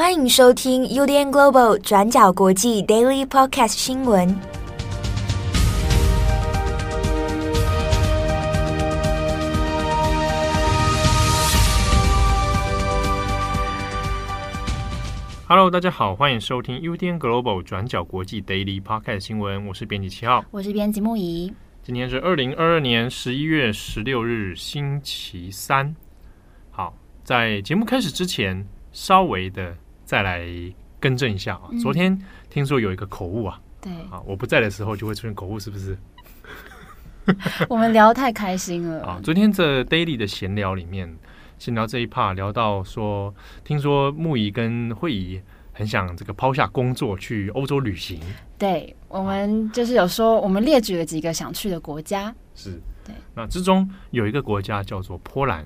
歡迎收聽 UDN Global 轉角國際 Daily Podcast 新聞。Hello，大家好，歡迎收聽 UDN Global 轉角國際 Daily Podcast 新聞，我是編輯七號，我是編輯牧宜。今天是二零二二年十一月十六日，星期三。好，在節目開始之前，稍微的。再來更正一下啊，昨天聽說有一個口誤啊，嗯、對啊，我不在的時候就會出現口誤，是不是？ 我們聊得太開心了啊！昨天這 daily 的閒聊裡面，閒聊這一 part 聊到說，聽說牧宜跟慧儀很想這個拋下工作去歐洲旅行。對，我們就是有說，我們列舉了幾個想去的國家，啊、是對。那之中有一個國家叫做波蘭。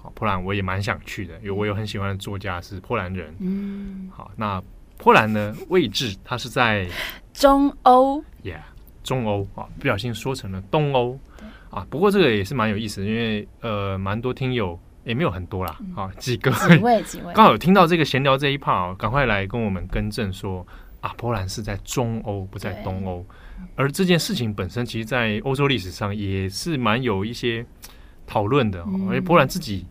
好，Okay. 波蘭我也蠻想去的，因為我有很喜歡的作家是波蘭人。嗯，好，那波蘭的位置它是在 中歐歐、yeah, 中歐啊，不小心說成了東歐對啊。不過這個也是蠻有意思的，因為呃，蠻多聽友也、欸、沒有很多啦，嗯、啊，幾個幾位幾位，剛好有聽到這個閒聊這一 part，趕快來跟我們更正說啊，波蘭是在中歐，不在東歐。對而這件事情本身，其實，在歐洲歷史上也是蠻有一些。討論的，而且波蘭自己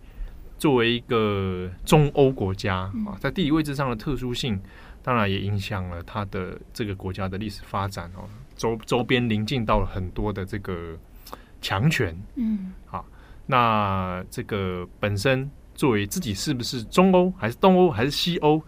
作為一個中歐國家啊，在地理位置上的特殊性，當然也影響了它的這個國家的歷史發展哦。周周邊臨近到了很多的這個強權，嗯，好，那這個本身作為自己是不是中歐還是東歐還是西歐？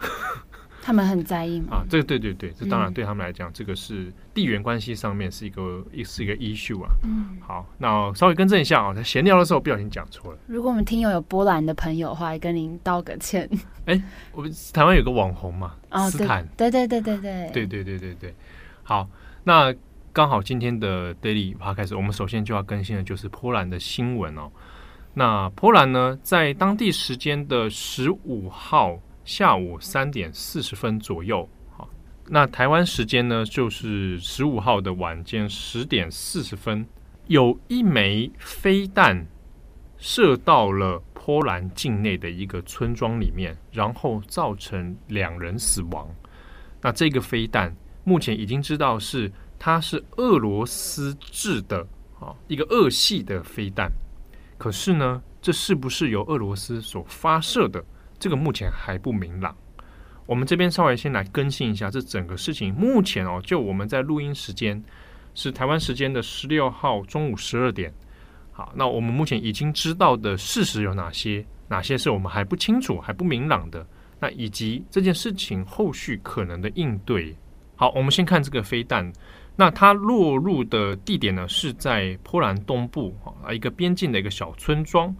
他們很在意嗎？啊，這個對對對，這當然對他們來講，嗯、這個是地緣關係上面是一個一是一個 issue 啊。嗯，好，那稍微更正一下啊，哦。在閒聊的時候不小心講錯了。如果我們聽友有，有波蘭的朋友的話，來跟您道個歉。哎，欸，我們台灣有個網紅嘛，啊，斯坦，對，對對對對對，對對對對，對好，那剛好今天的 Daily Podcast 開始，我們首先就要更新的就是波蘭的新聞哦。那波蘭呢，在當地時間的十五號，下午三點四十分左右，好，那台灣時間呢，就是十五號的晚間十點四十分，有一枚飛彈射到了波蘭境內的一個村莊裡面，然後造成兩人死亡。那這個飛彈目前已經知道是它是俄羅斯製的啊，一個俄系的飛彈。可是呢，這是不是由俄羅斯所發射的？這個目前還不明朗。我們這邊稍微先來更新一下這整個事情。目前哦，就我們在錄音時間是台灣時間的十六號中午十二點。好，那我們目前已經知道的事實有哪些？哪些是我們還不清楚、還不明朗的？那以及這件事情後續可能的應對？好，我們先看這個飛彈。那它落入的地點呢，是在波蘭東部啊一個邊境的一個小村莊。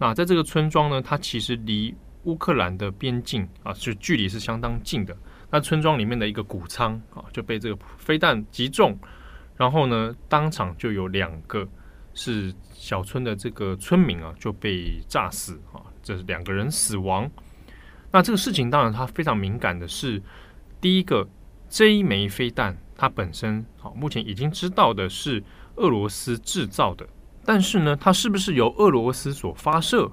那在這個村莊呢，它其實離烏克蘭的邊境啊，是距離是相當近的。那村莊裡面的一個穀倉啊，就被這個飛彈擊中，然後呢，當場就有兩個是小村的這個村民啊，就被炸死啊，這是兩個人死亡。那這個事情當然它非常敏感的是，第一個，這一枚飛彈它本身啊，目前已經知道的是俄羅斯制造的，但是呢，它是不是由俄羅斯所發射？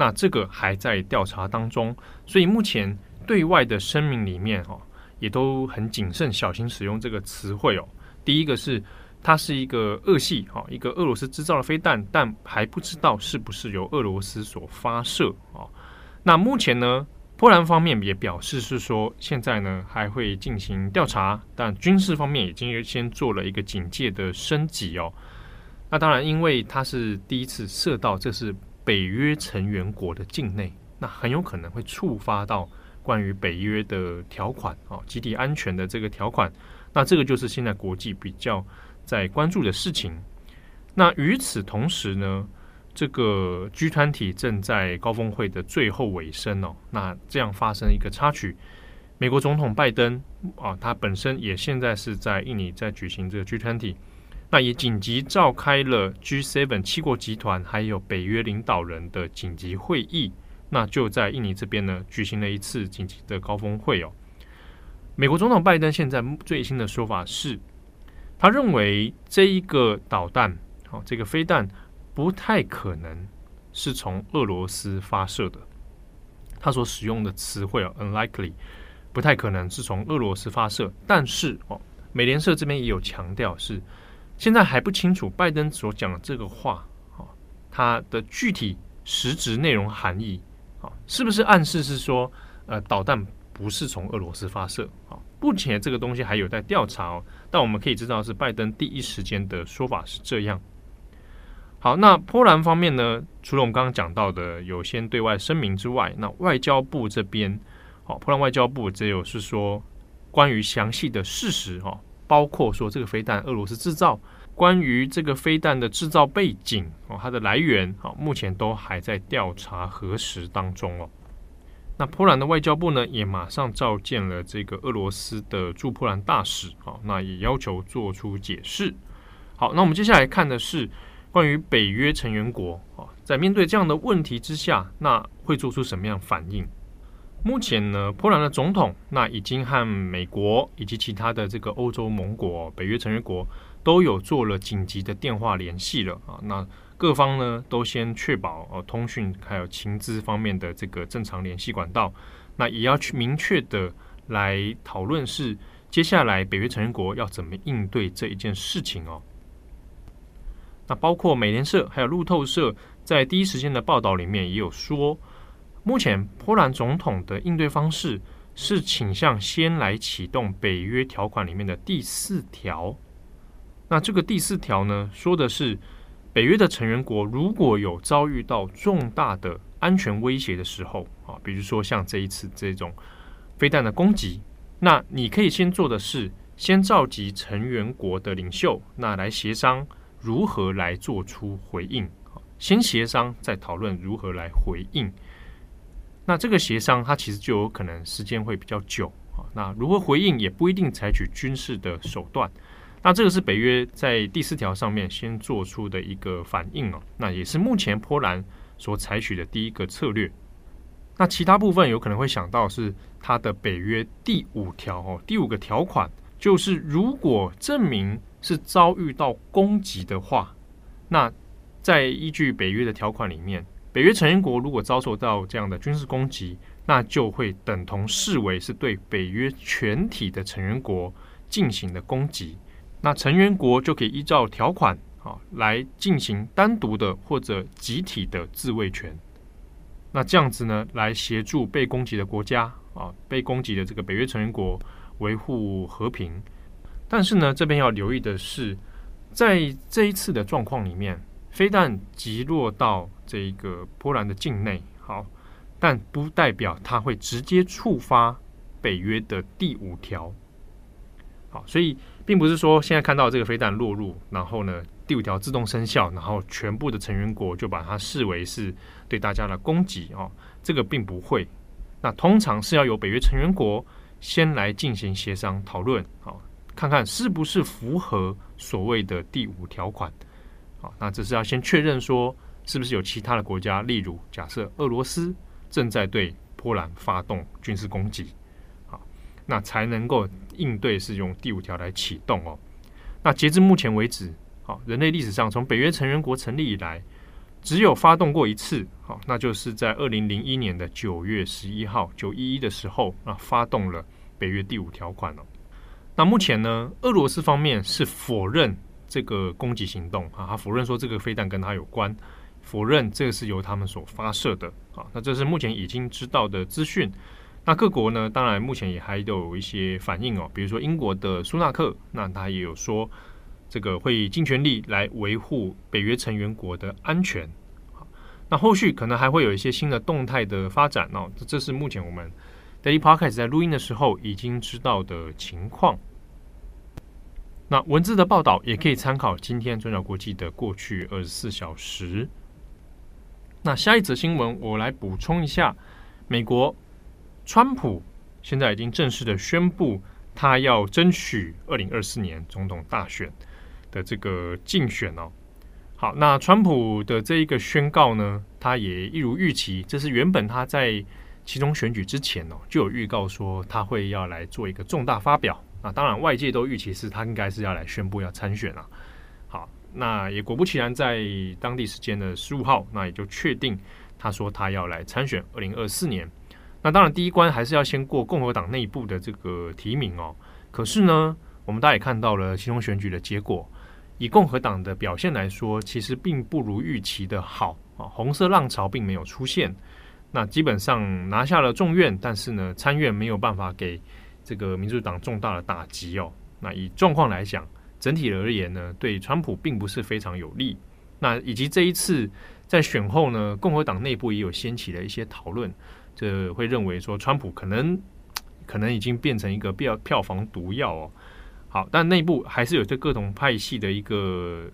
那這個還在調查當中，所以目前對外的聲明裡面哈、哦，也都很謹慎小心使用這個詞彙哦。第一個是它是一個俄系哈、哦，一個俄羅斯製造的飛彈，但還不知道是不是由俄羅斯所發射哦。那目前呢，波蘭方面也表示是說，現在呢還會進行調查，但軍事方面已經先做了一個警戒的升級哦。那當然，因為它是第一次射到，這是。北約成員國的境內，那很有可能會觸發到關於北約的條款啊，集體安全的這個條款。那這個就是現在國際比較在關注的事情。那與此同時呢，這個 G20 正在高峰會的最後尾聲哦、啊，那這樣發生一個插曲，美國總統拜登啊，他本身也現在是在印尼在舉行這個 G20。那也緊急召開了 G7 七國集團，還有北約領導人的緊急會議。那就在印尼這邊呢，舉行了一次緊急的高峰會哦。美國總統拜登現在最新的說法是，他認為這一個導彈，好、哦、這個飛彈不太可能是從俄羅斯發射的。他所使用的詞彙、哦、unlikely 不太可能是從俄羅斯發射。但是哦，美聯社這邊也有強調是。現在還不清楚拜登所講的這個話啊，他的具體實質內容含義啊，是不是暗示是說呃導彈不是從俄羅斯發射啊？目前這個東西還有待調查哦。但我們可以知道是拜登第一時間的說法是這樣。好，那波蘭方面呢？除了我們剛剛講到的有先對外聲明之外，那外交部這邊，好，波蘭外交部只有是說關於詳細的事實哈。包括說這個飛彈俄羅斯製造，關於這個飛彈的製造背景哦，它的來源哦，目前都還在調查核實當中哦。那波蘭的外交部呢，也馬上召見了這個俄羅斯的駐波蘭大使哦，那也要求做出解釋。好，那我們接下來看的是關於北約成員國哦，在面對這樣的問題之下，那會做出什麼樣反應？目前呢，波蘭的總統那已經和美國以及其他的這個歐洲盟國、北約成員國都有做了緊急的電話聯繫了啊。那各方呢都先確保、啊、通訊還有情資方面的這個正常聯繫管道，那也要去明確的來討論是接下來北約成員國要怎麼應對這一件事情哦。那包括美聯社還有路透社在第一時間的報道裡面也有說。目前，波蘭總統的應對方式是傾向先來啟動北約條款裡面的第四條。那這個第四條呢，說的是，北約的成員國如果有遭遇到重大的安全威脅的時候，啊，比如說像這一次這種飛彈的攻擊，那你可以先做的是，先召集成員國的領袖，那來協商如何來做出回應啊，先協商再討論如何來回應。那這個協商，它其實就有可能時間會比較久啊。那如何回應，也不一定採取軍事的手段。那這個是北約在第四條上面先做出的一個反應哦。那也是目前波蘭所採取的第一個策略。那其他部分有可能會想到是它的北約第五條哦，第五個條款就是如果證明是遭遇到攻擊的話，那在依據北約的條款裡面。北約成員國如果遭受到這樣的軍事攻擊，那就會等同視為是對北約全體的成員國進行的攻擊。那成員國就可以依照條款啊來進行單獨的或者集體的自衛權。那這樣子呢，來協助被攻擊的國家啊，被攻擊的這個北約成員國維護和平。但是呢，這邊要留意的是，在這一次的狀況裡面。飛彈擊落到這個波蘭的境內，好，但不代表它會直接觸發北約的第五條。好，所以並不是說現在看到這個飛彈落入，然後呢，第五條自動生效，然後全部的成員國就把它視為是對大家的攻擊哦，這個並不會。那通常是要由北約成員國先來進行協商討論，好，看看是不是符合所謂的第五條款。好，那這是要先確認說，是不是有其他的國家，例如假設俄羅斯正在對波蘭發動軍事攻擊，好，那才能夠應對是用第五條來啟動哦。那截至目前為止，好，人類歷史上從北約成員國成立以來，只有發動過一次，好，那就是在二零零一年的九月十一號九一一的時候啊，發動了北約第五條款哦。那目前呢，俄羅斯方面是否認。這個攻擊行動啊，他否認說這個飛彈跟他有關，否認這個是由他們所發射的啊。那這是目前已經知道的資訊。那各國呢，當然目前也還有一些反應哦、啊，比如說英國的蘇納克，那他也有說這個會盡全力來維護北約成員國的安全。啊、那後續可能還會有一些新的動態的發展哦、啊。這是目前我們 Daily Podcast 在錄音的時候已經知道的情況。那文字的報道也可以參考今天轉角國際的過去二十四小時。那下一則新聞，我來補充一下：美國川普現在已經正式的宣布，他要爭取二零二四年總統大選的這個競選哦。好，那川普的這一個宣告呢，他也一如預期，這是原本他在期中選舉之前呢，哦，就有預告說他會要來做一個重大發表。那、啊、當然，外界都預期是他應該是要來宣布要參選了，啊。好，那也果不其然，在當地時間的十五號，那也就確定他說他要來參選二零二四年。那當然，第一關還是要先過共和黨內部的這個提名哦。可是呢，我們大家也看到了期中選舉的結果，以共和黨的表現來說，其實並不如預期的好啊。紅色浪潮並沒有出現，那基本上拿下了眾院，但是呢，參院沒有辦法給這個民主黨重大的打擊哦，那以狀況來講，整體而言呢，對川普並不是非常有利。那以及這一次在選後呢，共和黨內部也有掀起了一些討論，這會認為說川普可能可能已經變成一個票票房毒藥哦。好，但內部還是有著各種派系的一個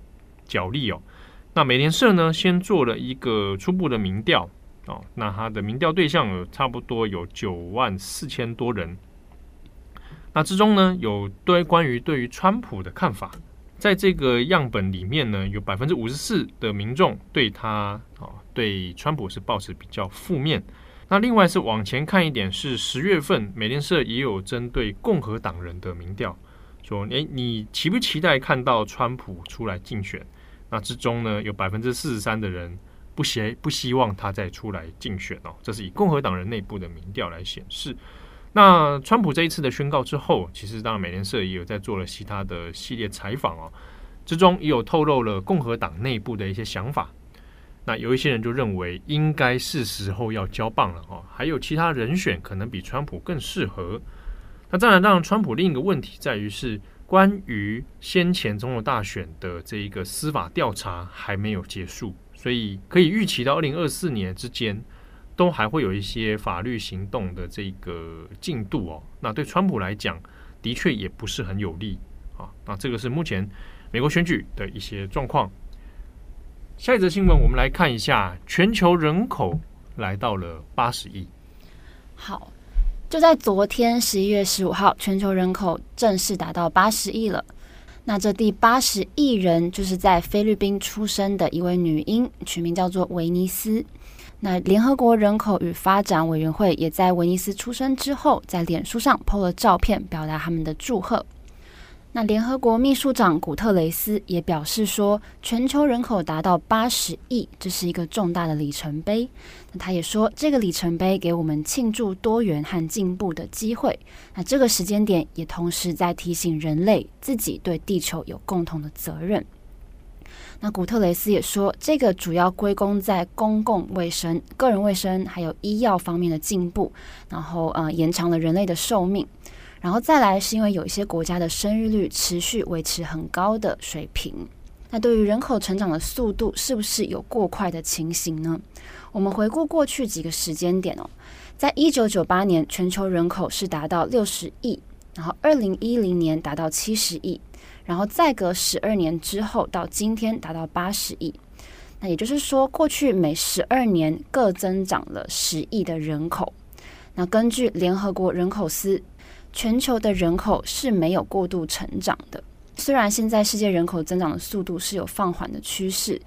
角力哦。那美聯社呢，先做了一個初步的民調哦，那他的民調對象有差不多有九萬四千多人。那之中呢，有對關於對於川普的看法，在這個樣本裡面呢，有百分之五十四的民眾對他啊、哦，對川普是抱持比較負面。那另外是往前看一點，是十月份美聯社也有針對共和黨人的民調，說：誒，你期不期待看到川普出來競選？那之中呢，有百分之四十三的人不希不希望他再出來競選哦。這是以共和黨人內部的民調來顯示。那川普這一次的宣告之後，其實當然美聯社也有在做了其他的系列採訪哦，之中也有透露了共和黨內部的一些想法。那有一些人就認為，應該是時候要交棒了哦，還有其他人選可能比川普更適合。那當然，讓川普另一個問題在於是關於先前總統大選的這一個司法調查還沒有結束，所以可以預期到二零二四年之間。都還會有一些法律行動的這個進度哦。那對川普來講，的確也不是很有利啊。那這個是目前美國選舉的一些狀況。下一則新聞，我們來看一下全球人口來到了八十億。好，就在昨天十一月十五號，全球人口正式達到八十億了。那這第八十億人就是在菲律賓出生的一位女嬰，取名叫做威尼斯。那聯合國人口與發展委員會也在威尼斯出生之後，在臉書上 PO 了照片，表達他們的祝賀。那聯合國秘書長古特雷斯也表示說，全球人口達到八十億，這是一個重大的里程碑。那他也說，這個里程碑給我們慶祝多元和進步的機會。那這個時間點也同時在提醒人類自己對地球有共同的責任。那古特雷斯也說，這個主要歸功在公共衛生、個人衛生還有醫藥方面的進步，然後呃延長了人類的壽命，然後再來是因為有一些國家的生育率持續維持很高的水平。那對於人口成長的速度，是不是有過快的情形呢？我們回顧過去幾個時間點哦，在一九九八年，全球人口是達到六十億，然後二零一零年達到七十億。然後再隔十二年之後，到今天達到八十億，那也就是說，過去每十二年各增長了十億的人口。那根據聯合國人口司，全球的人口是沒有過度成長的。雖然現在世界人口增長的速度是有放緩的趨勢，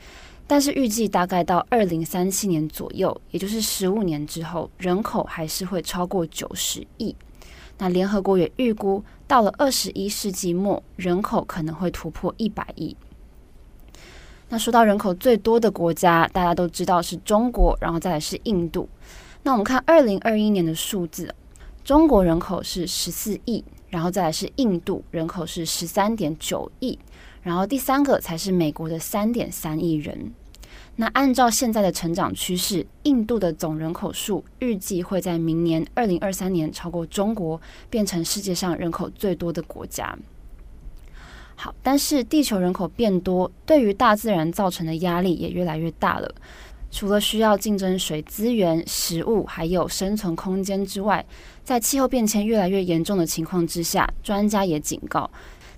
但是預計大概到二零三七年左右，也就是十五年之後，人口還是會超過九十億。那聯合國也預估，到了二十一世紀末，人口可能會突破一百億。那說到人口最多的國家，大家都知道是中國，然後再來是印度。那我們看二零二一年的數字，中國人口是十四億，然後再來是印度，人口是十三點九億，然後第三個才是美國的三點三億人。那按照現在的成長趨勢，印度的總人口數預計會在明年二零二三年超過中國，變成世界上人口最多的國家。好，但是地球人口變多，對於大自然造成的壓力也越來越大了。除了需要競爭水資源、食物，還有生存空間之外，在氣候變遷越來越嚴重的情況之下，專家也警告。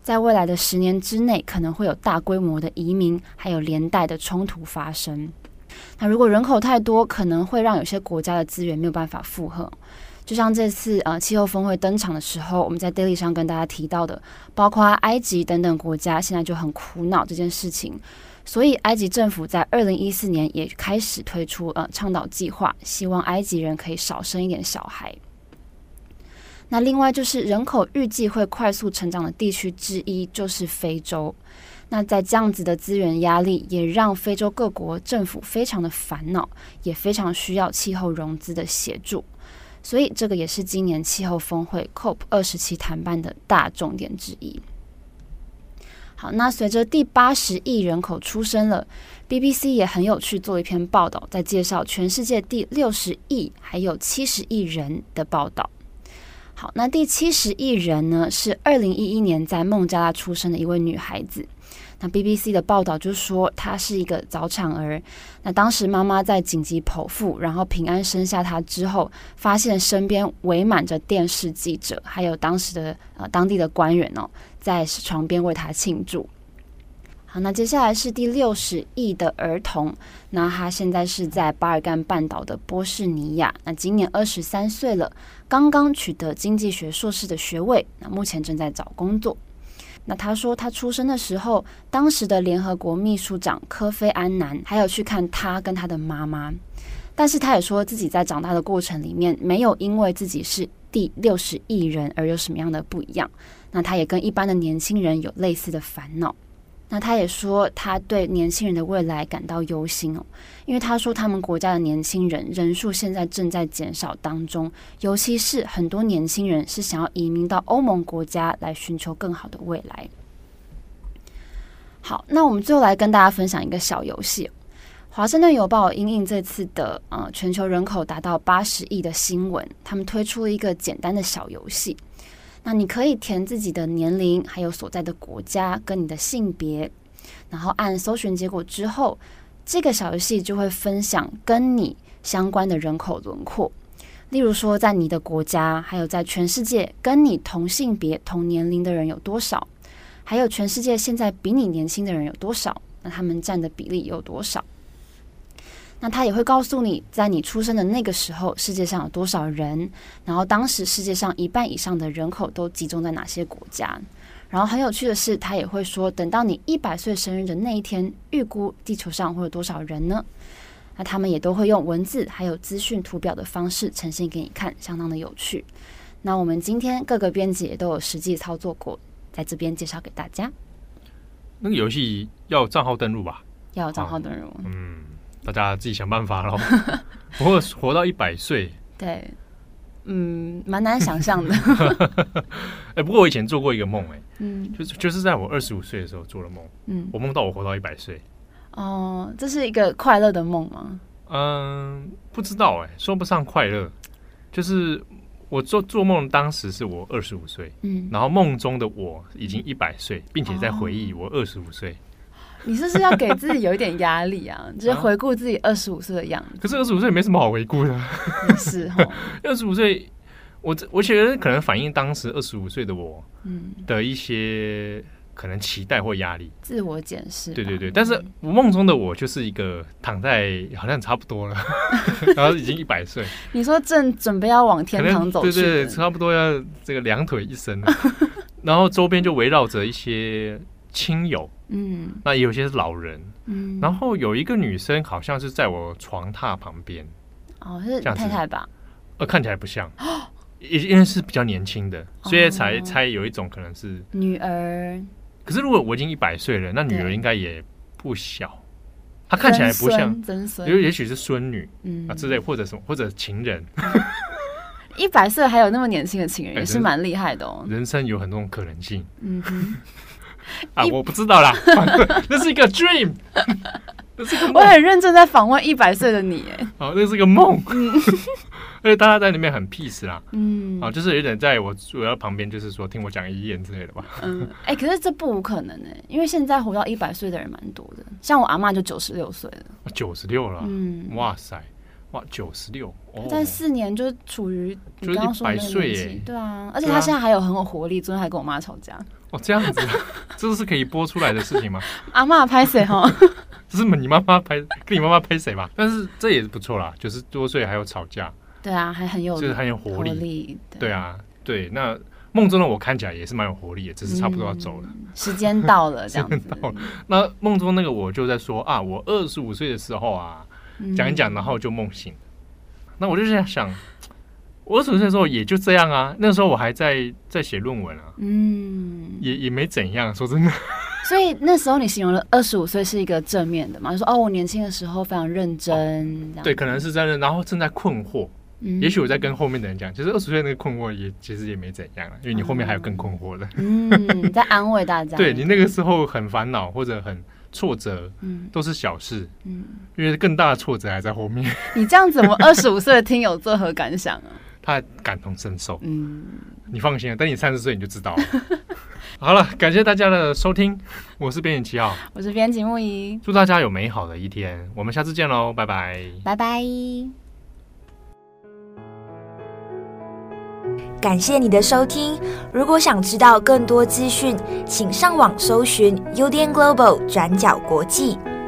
在未來的十年之內，可能會有大規模的移民，還有連帶的衝突發生。那如果人口太多，可能會讓有些國家的資源沒有辦法負荷。就像這次呃氣候峰會登場的時候，我們在 Daily 上跟大家提到的，包括埃及等等國家現在就很苦惱這件事情。所以埃及政府在二零一四年也開始推出呃倡導計劃，希望埃及人可以少生一點小孩。那另外就是人口預計會快速成長的地區之一，就是非洲。那在這樣子的資源壓力，也讓非洲各國政府非常的煩惱，也非常需要氣候融資的協助。所以這個也是今年氣候峰會 COP 二十七談判的大重點之一。好，那隨着第八十億人口出生了，BBC 也很有趣做，一篇報道在介紹全世界第六十億還有七十億人的報道好，那第七十億人呢？是二零一一年在孟加拉出生的一位女孩子。那 BBC 的報道就說，她是一個早產兒。那當時媽媽在緊急剖腹，然後平安生下她之後，發現身邊圍滿着電視記者，還有當時的呃當地的官員哦，在床邊為她慶祝。好，那接下來是第六十億的兒童。那他現在是在巴爾幹半島的波士尼亞。那今年二十三歲了，剛剛取得經濟學碩士的學位。那目前正在找工作。那他說，他出生的時候，當時的聯合國秘書長科菲·安南還有去看他跟他的媽媽。但是他也說自己在長大的過程裡面，沒有因為自己是第六十億人而有什麼樣的不一樣。那他也跟一般的年輕人有類似的煩惱。那他也說他對年輕人的未來感到憂心哦，因為他說他們國家的年輕人人數現在正在減少當中，尤其是很多年輕人是想要移民到歐盟國家來尋求更好的未來。好，那我們最後來跟大家分享一個小遊戲。華盛頓郵報因應這次的呃全球人口達到八十億的新聞，他們推出了一個簡單的小遊戲。那你可以填自己的年齡，還有所在的國家跟你的性別，然後按搜尋結果之後，這個小遊戲就會分享跟你相關的人口輪廓。例如說，在你的國家，還有在全世界跟你同性別同年齡的人有多少，還有全世界現在比你年輕的人有多少，那他們佔的比例有多少？那他也會告訴你，在你出生的那個時候，世界上有多少人？然後當時世界上一半以上的人口都集中在哪些國家？然後很有趣的是，他也會說，等到你一百歲生日的那一天，預估地球上會有多少人呢？那他們也都會用文字還有資訊圖表的方式呈現給你看，相當的有趣。那我們今天各個編輯也都有實際操作過，在這邊介紹給大家。那個遊戲要有賬號登入吧？要有賬號登入、哦。嗯。大家自己想辦法嘍。我活到一百歲， 對，嗯，蠻難想象的。哎、 欸，不過我以前做過一個夢、欸，哎，嗯，就就是在我二十五歲的時候做了夢，嗯，我夢到我活到一百歲。哦，這是一個快樂的夢嗎？嗯，不知道、欸，哎，說不上快樂，就是我做做夢，當時是我二十五歲，嗯，然後夢中的我已經一百歲，並且在回憶我二十五歲。哦。 你是不是要給自己有一點壓力啊？就是、回顧自己二十五歲的樣子。啊、可是二十五歲也沒什麼好回顧的。是。二十五歲，我我覺得可能反映當時二十五歲的我，嗯，的一些可能期待或壓力。自我檢視、啊。對對對，但是我夢中的我就是一個躺在好像差不多了， 然後已經一百歲。 你說正準備要往天堂走去，對，對對，差不多要這個兩腿一伸， 然後周邊就圍繞着一些親友。嗯，那有些是老人，嗯，然後有一個女生好像是在我床榻旁邊，哦，是太太吧？呃，看起來不像，因因為是比較年輕的，所以才猜有一種可能是女兒。可是如果我已經一百歲了，那女兒應該也不小，她看起來不像真孫，也許是孫女，嗯啊之類或者什麼或者情人。一百歲還有那麼年輕的情人也是蠻厲害的哦，人生有很多種可能性，嗯啊，我不知道啦，那 是一個 dream， 我很認真在訪問一百歲的你，哎，哦，那是個夢，嗯、 而且大家在裡面很 peace 啦。嗯，啊，就是有點在我主要旁邊，就是說聽我講遺言之類的吧，嗯，哎、欸，可是這不無可能誒，因為現在活到一百歲的人蠻多的，像我阿嬤就九十六歲了，九十六了，嗯，哇塞，哇九十六，但、哦、四年就，處就是處於你剛剛說的年紀，對啊，而且她現在還有很有活力，昨天還跟我媽吵架。哦，這樣子、啊，這是可以播出來的事情嗎？阿嬤拍誰哈？這是你媽媽拍，跟你媽媽拍誰吧？但是這也是不錯啦，就是九十多歲還有吵架。對啊，還很有，就是很有活力。活力對，對啊，對，那夢中的我看起來也是蠻有活力的，只是差不多要走了，嗯、時間到了這樣子。 時間到了，那夢中那個我就在說啊，我二十五歲的時候啊，講一講，然後就夢醒。嗯、那我就在想。想我二十五歲的時候也就這樣啊，那時候我還在在寫論文啊，嗯，也也沒怎樣，說真的。所以那時候你形容了二十五歲是一個正面的嘛，就說哦，我年輕的時候非常認真，哦，對，可能是真的然後正在困惑，嗯，也許我在跟後面的人講，其實二十歲那個困惑也其實也沒怎樣，啊，因為你後面還有更困惑的。嗯， 嗯，在安慰大家。對，你那個時候很煩惱或者很挫折，嗯，都是小事，嗯，因為更大的挫折還在後面。你這樣子，我二十五歲的聽友作何感想啊？ 他感同身受，嗯，你放心，等你三十歲你就知道了。 好了，感謝大家的收聽，我是編輯七號，我是編輯牧宜，祝大家有美好的一天，我們下次見嘍，拜拜，拜拜，感謝你的收聽，如果想知道更多資訊，請上網搜尋 UDN Global 轉角國際。